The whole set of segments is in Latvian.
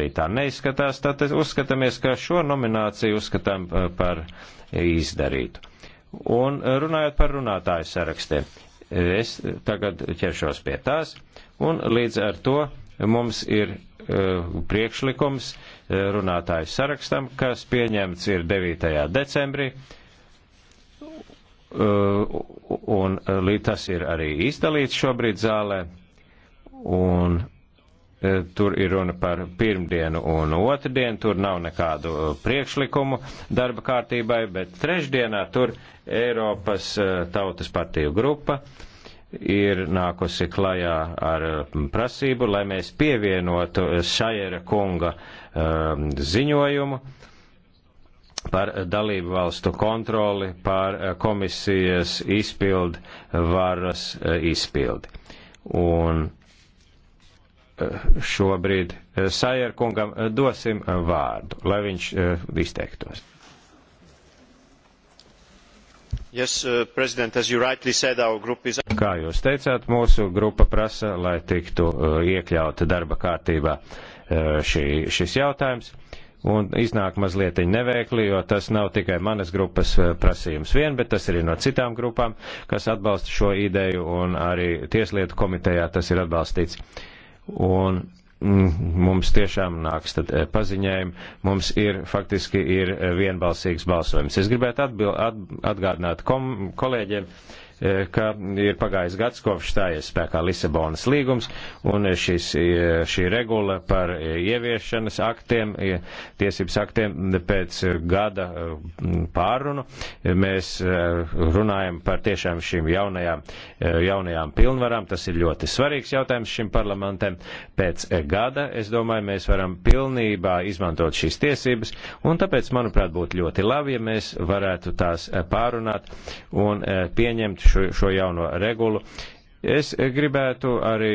arī tā neizskatās, tad uzskatāmies, ka šo nomināciju uzskatām eh, par izdarītu. Un eh, runājot par runātāju sarakstiem, eh, es tagad ķeršos pie tās, un līdz ar to mums ir priekšlikums runātāju sarakstam, kas pieņemts ir 9. decembrī, un tas ir arī izdalīts šobrīd zālē, un E, tur ir runa par pirmdienu un otrdienu, tur nav nekādu e, priekšlikumu darba kārtībai, bet trešdienā tur Eiropas e, Tautas partiju grupa ir nākusi klajā ar prasību, lai mēs pievienotu Šajera kunga ziņojumu par dalību valstu kontroli pār komisijas izpildu varas izpildi. Un šobrīd eh, Sajerkungam eh, dosim eh, vārdu, lai viņš izteiktos. Yes, uh, said, is... Kā jūs teicāt, mūsu grupa prasa, lai tiktu iekļauta darba kārtībā šī, šis jautājums. Un iznāk mazliet neveikli, jo tas nav tikai manas grupas prasījums vien, bet tas arī no citām grupām, kas atbalsta šo ideju, un arī Tieslietu komitejā tas ir atbalstīts. Uh, un mm, mums tiešām nāks tad eh, paziņējumi, mums ir faktiski ir eh, vienbalsīgs balsojums. Es gribētu atbil, at, atgādināt kom, kolēģiem, Eh, ka ir pagājis gads kopš stājies spēkā Lisabonas līgums, un šis, eh, šī regula par eh, ieviešanas aktiem, tiesības aktiem pēc gada pārunu, mēs runājam par tiešām šīm jaunajām, jaunajām pilnvarām. Tas ir ļoti svarīgs jautājums šim parlamentam. Pēc gada, es domāju, mēs varam pilnībā izmantot šīs tiesības, un tāpēc, manuprāt, būtu ļoti labi, ja mēs varētu tās pārunāt un pieņemt šo, šo jauno regulu. Es gribētu arī,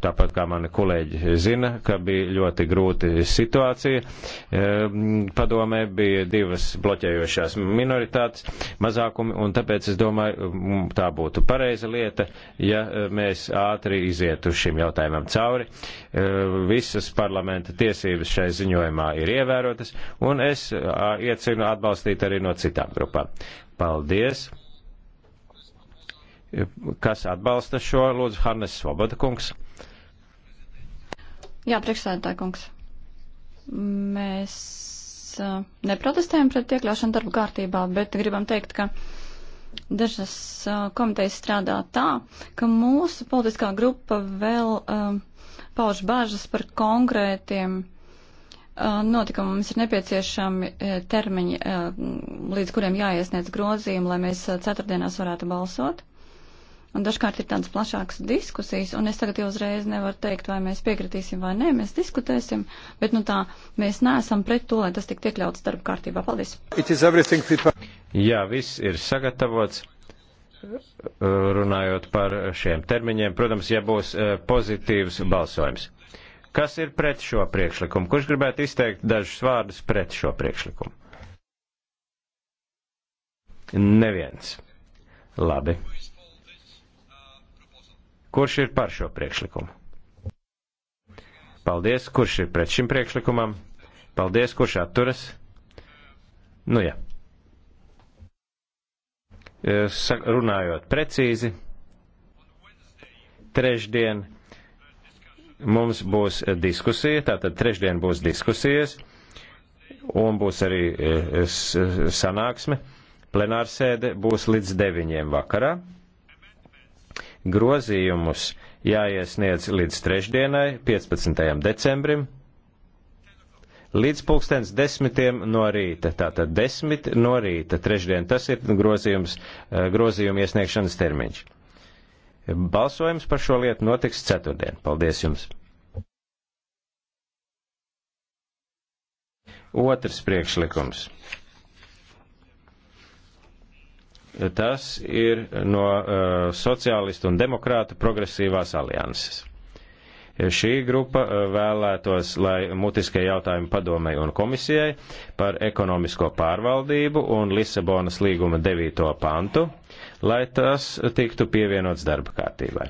tāpat kā mani kolēģi zina, ka bija ļoti grūti situācija. Ehm, padomē bija divas bloķējošās minoritātes, mazākumi, un tāpēc es domāju, mm, tā būtu pareiza lieta, ja eh, mēs ātri izietu šim jautājumam cauri. Ehm, visas parlamenta tiesības šai ziņojumā ir ievērotas, un es iecinu atbalstīt arī no citām grupām. Paldies! Kas atbalsta šo? Lūdzu, Hannes Svoboda kungs. Jā, priekšsēdētāj kungs. Mēs uh, neprotestējam pret iekļaušanu darba kārtībā, bet gribam teikt, ka dažas uh, komitejas strādā tā, ka mūsu politiskā grupa vēl uh, pauž bāžas par konkrētiem notikumam mums ir nepieciešami termiņi, līdz kuriem jāiesniedz grozījumi, lai mēs ceturtdienās varētu balsot. Un dažkārt ir tādas plašākas diskusijas, un es tagad jau uzreiz nevaru teikt, vai mēs piekritīsim vai nē, mēs diskutēsim, bet nu tā, mēs neesam pret to, lai tas tik tiek ļauts darba kārtībā. Paldies! Jā, viss ir sagatavots. Runājot par šiem termiņiem, protams, ja būs eh, pozitīvs balsojums. Kas ir pret šo priekšlikumu? Kurš gribētu izteikt dažus vārdus pret šo priekšlikumu? Neviens. Labi. Kurš ir par šo priekšlikumu? Paldies, kurš ir pret šim priekšlikumam? Paldies, kurš atturas? Nu jā. E, runājot precīzi, trešdien mums būs diskusija, tātad trešdien būs diskusijas un būs arī e, sanāksme. Plenārsēde būs līdz deviņiem vakarā. Grozījumus jāiesniedz līdz trešdienai, 15. decembrim, līdz pulkstens desmitiem no rīta. Tātad desmit no rīta trešdien tas ir grozījums, eh, grozījuma iesniegšanas termiņš. Balsojums par šo lietu notiks ceturtdien. Paldies jums! Otrs priekšlikums. Tas ir no uh, sociālistu un demokrātu progresīvās alianses. Šī grupa uh, vēlētos, lai mutiskie jautājumi padomei un komisijai par ekonomisko pārvaldību un Lisabonas līguma 9. pantu, lai tas tiktu pievienots darba kārtībai.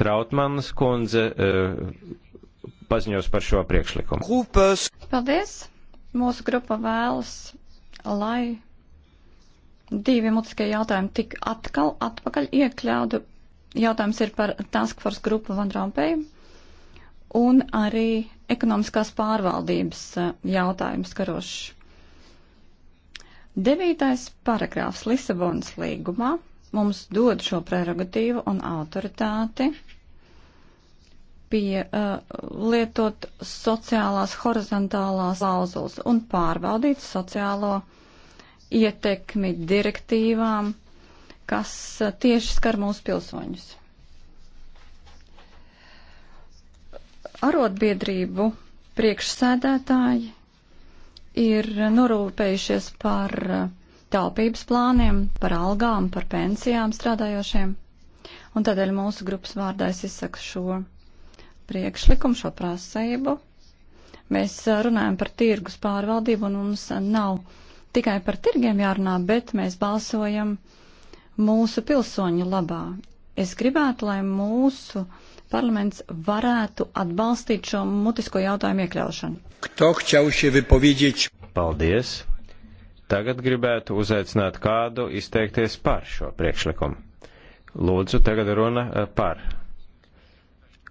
Trautmanas kundze uh, paziņos par šo priekšlikumu. Paldies! Mūsu grupa vēlas, lai divi mutiskie jautājumi tik atkal atpakaļ iekļaudu. Jautājums ir par Task Force grupu Van Rompēju un arī ekonomiskās pārvaldības eh, jautājums karošs. Devītais paragrāfs Lisabonas līgumā mums dod šo prerogatīvu un autoritāti pie uh, lietot sociālās horizontālās klauzulas un pārvaldīt sociālo ietekmi direktīvām, kas uh, tieši skar mūsu pilsoņus. Arotbiedrību priekšsēdētāji ir norūpējušies par uh, taupības plāniem, par algām, par pensijām strādājošiem, un tādēļ mūsu grupas vārdā es izsaku šo priekšlikumu, šo prasību. Mēs eh, runājam par tirgus pārvaldību un mums nav tikai par tirgiem jārunā, bet mēs balsojam mūsu pilsoņu labā. Es gribētu, lai mūsu parlaments varētu atbalstīt šo mutisko jautājumu iekļaušanu. Kto chciał się wypowiedzieć? Paldies. Tagad gribētu uzaicināt kādu izteikties par šo priekšlikumu. Lūdzu, tagad runa eh, par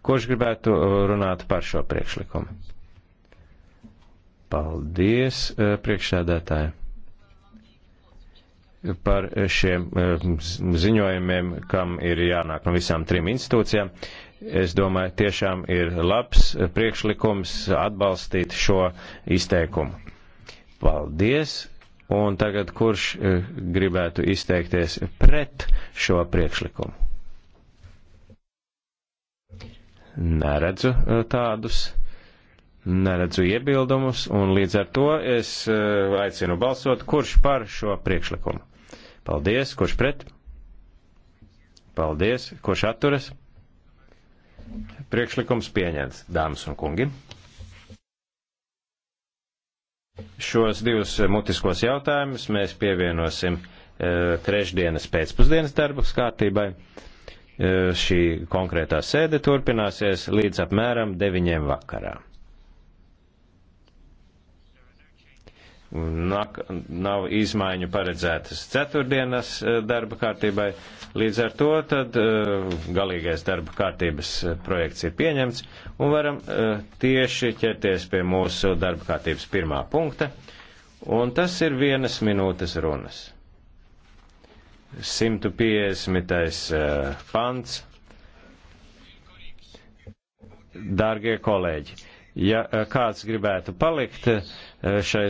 Kurš gribētu uh, runāt par šo priekšlikumu? Paldies, uh, priekšsēdētāji, par šiem uh, ziņojumiem, kam ir jānāk no visām trim institūcijām. Es domāju, tiešām ir labs priekšlikums atbalstīt šo izteikumu. Paldies! Un tagad kurš gribētu izteikties pret šo priekšlikumu? neredzu e, tādus, neredzu iebildumus, un līdz ar to es e, aicinu balsot, kurš par šo priekšlikumu. Paldies, kurš pret? Paldies, kurš atturas? Priekšlikums pieņemts, dāmas un kungi. Šos divus mutiskos jautājumus mēs pievienosim e, trešdienas pēcpusdienas darbu kārtībai. Eh, šī konkrētā sēde turpināsies līdz apmēram 9 vakarā. Nak, nav izmaiņu paredzētas ceturtdienas eh, darba kārtībai, līdz ar to tad eh, galīgais darba kārtības projekts ir pieņemts un varam tieši ķerties pie mūsu darba kārtības pirmā punkta, un tas ir vienas minūtes runas. 150. Eh, pants. Dārgie kolēģi, ja eh, kāds gribētu palikt eh, šai